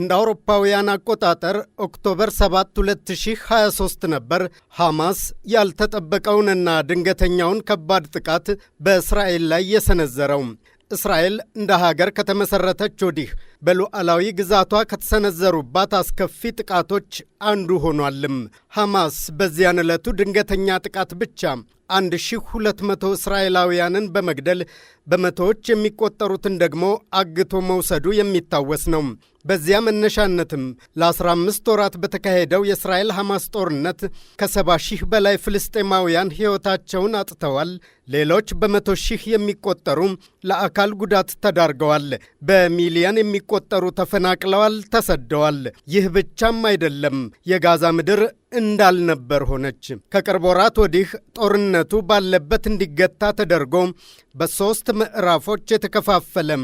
እንደ አውሮፓውያን አቆጣጠር ኦክቶበር 7 2023 ነበር ሐማስ ያልተጠበቀውንና ድንገተኛውን ከባድ ጥቃት በእስራኤል ላይ የሰነዘረው። እስራኤል እንደ ሀገር ከተመሠረተች ወዲህ በሉዓላዊ ግዛቷ ከተሰነዘሩባት አስከፊ ጥቃቶች አንዱ ሆኗልም። ሐማስ በዚያን ዕለቱ ድንገተኛ ጥቃት ብቻ 1200 እስራኤላውያንን በመግደል በመቶዎች የሚቆጠሩትን ደግሞ አግቶ መውሰዱ የሚታወስ ነው። በዚያ መነሻነትም ለ15 ወራት በተካሄደው የእስራኤል ሐማስ ጦርነት ከ ሺህ በላይ ፍልስጤማውያን ሕይወታቸውን አጥተዋል። ሌሎች በመቶ ሺህ የሚቆጠሩ ለአካል ጉዳት ተዳርገዋል። በሚሊዮን የሚቆጠሩ ተፈናቅለዋል፣ ተሰደዋል። ይህ ብቻም አይደለም። የጋዛ ምድር እንዳልነበር ሆነች። ከቅርብ ወራት ወዲህ ጦርነቱ ባለበት እንዲገታ ተደርጎ በሦስት ምዕራፎች የተከፋፈለም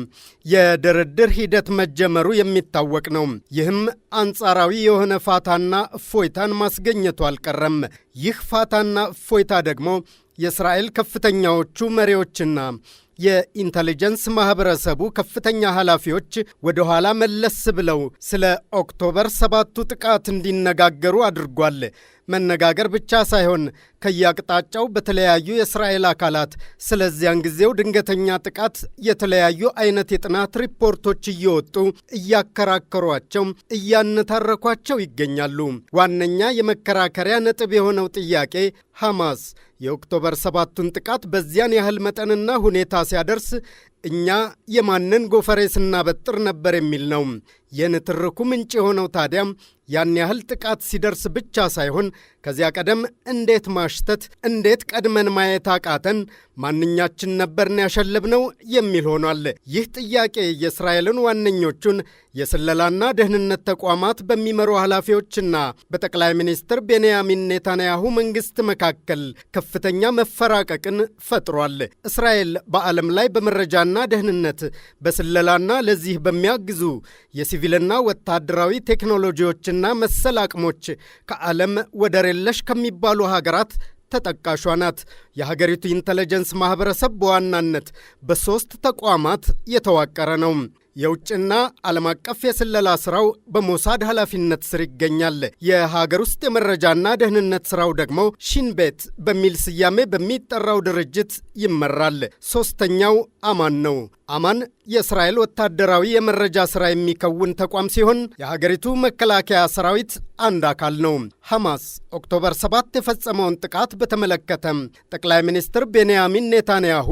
የድርድር ሂደት መጀመሩ የሚታወቅ ነው። ይህም አንጻራዊ የሆነ ፋታና እፎይታን ማስገኘቱ አልቀረም። ይህ ፋታና እፎይታ ደግሞ የእስራኤል ከፍተኛዎቹ መሪዎችና የኢንተሊጀንስ ማህበረሰቡ ከፍተኛ ኃላፊዎች ወደ ኋላ መለስ ብለው ስለ ኦክቶበር ሰባቱ ጥቃት እንዲነጋገሩ አድርጓል። መነጋገር ብቻ ሳይሆን ከየአቅጣጫው በተለያዩ የእስራኤል አካላት ስለዚያን ጊዜው ድንገተኛ ጥቃት የተለያዩ አይነት የጥናት ሪፖርቶች እየወጡ እያከራከሯቸው፣ እያነታረኳቸው ይገኛሉ። ዋነኛ የመከራከሪያ ነጥብ የሆነው ጥያቄ ሐማስ የኦክቶበር ሰባቱን ጥቃት በዚያን ያህል መጠንና ሁኔታ ሲያደርስ እኛ የማንን ጎፈሬ ስናበጥር ነበር የሚል ነው። የንትርኩ ምንጭ የሆነው ታዲያም ያን ያህል ጥቃት ሲደርስ ብቻ ሳይሆን ከዚያ ቀደም እንዴት ማሽተት፣ እንዴት ቀድመን ማየት አቃተን፣ ማንኛችን ነበርን ያሸለብነው የሚል ሆኗል። ይህ ጥያቄ የእስራኤልን ዋነኞቹን የስለላና ደህንነት ተቋማት በሚመሩ ኃላፊዎችና በጠቅላይ ሚኒስትር ቤንያሚን ኔታንያሁ መንግሥት መካከል ከፍተኛ መፈራቀቅን ፈጥሯል። እስራኤል በዓለም ላይ በመረጃና ደህንነት በስለላና ለዚህ በሚያግዙ ሲቪልና ወታደራዊ ቴክኖሎጂዎችና መሰል አቅሞች ከዓለም ወደር የለሽ ከሚባሉ ሀገራት ተጠቃሿ ናት። የሀገሪቱ ኢንተለጀንስ ማኅበረሰብ በዋናነት በሦስት ተቋማት የተዋቀረ ነው። የውጭና ዓለም አቀፍ የስለላ ስራው በሞሳድ ኃላፊነት ስር ይገኛል። የሀገር ውስጥ የመረጃና ደህንነት ስራው ደግሞ ሺንቤት በሚል ስያሜ በሚጠራው ድርጅት ይመራል። ሶስተኛው አማን ነው። አማን የእስራኤል ወታደራዊ የመረጃ ስራ የሚከውን ተቋም ሲሆን የሀገሪቱ መከላከያ ሰራዊት አንድ አካል ነው። ሐማስ ኦክቶበር 7 የፈጸመውን ጥቃት በተመለከተ ጠቅላይ ሚኒስትር ቤንያሚን ኔታንያሁ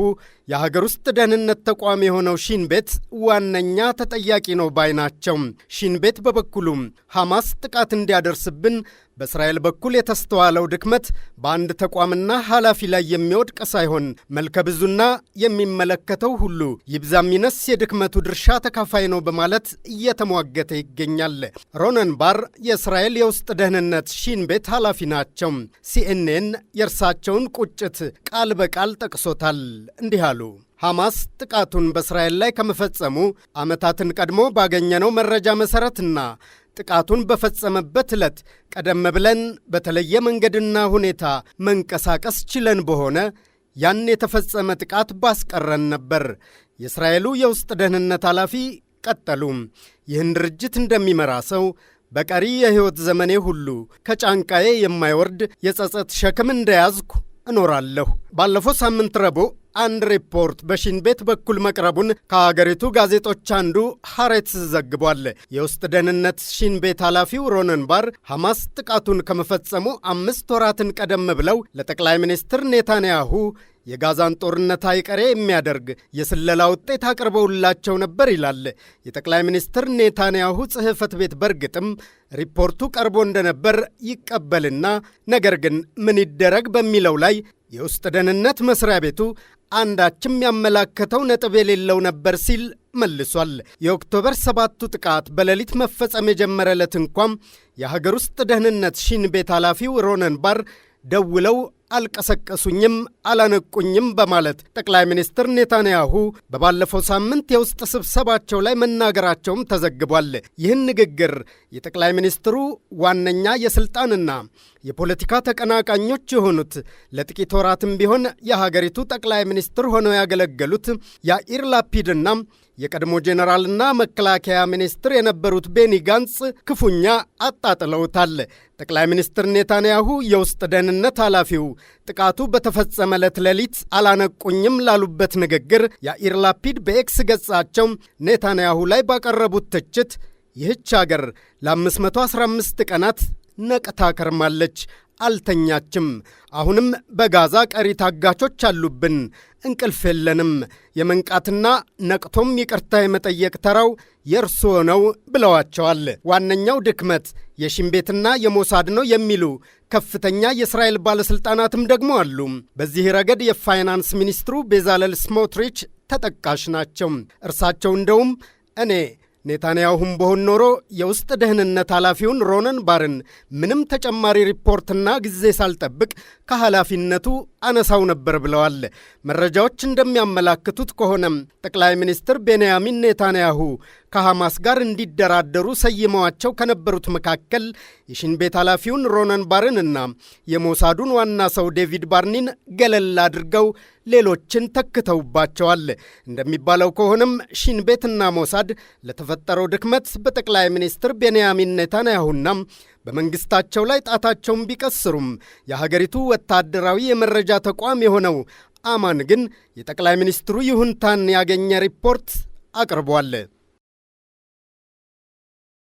የሀገር ውስጥ ደህንነት ተቋም የሆነው ሺንቤት ቤት ዋነኛ ተጠያቂ ነው ባይ ናቸው። ሺንቤት ቤት በበኩሉም ሐማስ ጥቃት እንዲያደርስብን በእስራኤል በኩል የተስተዋለው ድክመት በአንድ ተቋምና ኃላፊ ላይ የሚወድቅ ሳይሆን መልከ ብዙና የሚመለከተው ሁሉ ይብዛም ይነስ የድክመቱ ድርሻ ተካፋይ ነው በማለት እየተሟገተ ይገኛል። ሮነን ባር የእስራኤል የውስጥ ደህንነት ሺንቤት ቤት ኃላፊ ናቸው። ሲኤንኤን የእርሳቸውን ቁጭት ቃል በቃል ጠቅሶታል። እንዲህ አሉ። አሉ። ሐማስ ጥቃቱን በእስራኤል ላይ ከመፈጸሙ ዓመታትን ቀድሞ ባገኘነው መረጃ መሠረትና ጥቃቱን በፈጸመበት ዕለት ቀደም ብለን በተለየ መንገድና ሁኔታ መንቀሳቀስ ችለን በሆነ ያን የተፈጸመ ጥቃት ባስቀረን ነበር። የእስራኤሉ የውስጥ ደህንነት ኃላፊ ቀጠሉም ይህን ድርጅት እንደሚመራ ሰው በቀሪ የሕይወት ዘመኔ ሁሉ ከጫንቃዬ የማይወርድ የጸጸት ሸክም እንደያዝኩ እኖራለሁ። ባለፈው ሳምንት ረቡዕ አንድ ሪፖርት በሺን ቤት በኩል መቅረቡን ከሀገሪቱ ጋዜጦች አንዱ ሐሬትስ ዘግቧል። የውስጥ ደህንነት ሺን ቤት ኃላፊው ሮነንባር ሐማስ ጥቃቱን ከመፈጸሙ አምስት ወራትን ቀደም ብለው ለጠቅላይ ሚኒስትር ኔታንያሁ የጋዛን ጦርነት አይቀሬ የሚያደርግ የስለላ ውጤት አቅርበውላቸው ነበር ይላል የጠቅላይ ሚኒስትር ኔታንያሁ ጽሕፈት ቤት። በእርግጥም ሪፖርቱ ቀርቦ እንደነበር ይቀበልና ነገር ግን ምን ይደረግ በሚለው ላይ የውስጥ ደህንነት መስሪያ ቤቱ አንዳችም ያመላከተው ነጥብ የሌለው ነበር ሲል መልሷል። የኦክቶበር ሰባቱ ጥቃት በሌሊት መፈጸም የጀመረለት እንኳም የሀገር ውስጥ ደህንነት ሺን ቤት ኃላፊው ሮነን ባር ደውለው አልቀሰቀሱኝም፣ አላነቁኝም በማለት ጠቅላይ ሚኒስትር ኔታንያሁ በባለፈው ሳምንት የውስጥ ስብሰባቸው ላይ መናገራቸውም ተዘግቧል። ይህን ንግግር የጠቅላይ ሚኒስትሩ ዋነኛ የስልጣንና የፖለቲካ ተቀናቃኞች የሆኑት ለጥቂት ወራትም ቢሆን የሀገሪቱ ጠቅላይ ሚኒስትር ሆነው ያገለገሉት ያኢር ላፒድና የቀድሞ ጄኔራልና መከላከያ ሚኒስትር የነበሩት ቤኒ ጋንጽ ክፉኛ አጣጥለውታል። ጠቅላይ ሚኒስትር ኔታንያሁ የውስጥ ደህንነት ኃላፊው ጥቃቱ በተፈጸመ ዕለት ሌሊት አላነቁኝም ላሉበት ንግግር ያኢር ላፒድ በኤክስ ገጻቸው ኔታንያሁ ላይ ባቀረቡት ትችት ይህች አገር ለ515 ቀናት ነቅታ ከርማለች። አልተኛችም። አሁንም በጋዛ ቀሪ ታጋቾች አሉብን። እንቅልፍ የለንም። የመንቃትና ነቅቶም ይቅርታ የመጠየቅ ተራው የእርስዎ ነው ብለዋቸዋል። ዋነኛው ድክመት ቤትና የሞሳድ ነው የሚሉ ከፍተኛ የእስራኤል ባለሥልጣናትም ደግሞ አሉ። በዚህ ረገድ የፋይናንስ ሚኒስትሩ ቤዛለል ስሞትሪች ተጠቃሽ ናቸው። እርሳቸው እንደውም እኔ ኔታንያሁም በሆን ኖሮ የውስጥ ደህንነት ኃላፊውን ሮነን ባርን ምንም ተጨማሪ ሪፖርትና ጊዜ ሳልጠብቅ ከኃላፊነቱ አነሳው ነበር ብለዋል። መረጃዎች እንደሚያመላክቱት ከሆነም ጠቅላይ ሚኒስትር ቤንያሚን ኔታንያሁ ከሐማስ ጋር እንዲደራደሩ ሰይመዋቸው ከነበሩት መካከል የሽን ቤት ኃላፊውን ሮናን ባርንና የሞሳዱን ዋና ሰው ዴቪድ ባርኒን ገለል አድርገው ሌሎችን ተክተውባቸዋል። እንደሚባለው ከሆነም ሺን ቤትና ሞሳድ ለተፈጠረው ድክመት በጠቅላይ ሚኒስትር ቤንያሚን ኔታንያሁና በመንግስታቸው ላይ ጣታቸውን ቢቀስሩም የሀገሪቱ ወታደራዊ የመረጃ ተቋም የሆነው አማን ግን የጠቅላይ ሚኒስትሩ ይሁንታን ያገኘ ሪፖርት አቅርቧል።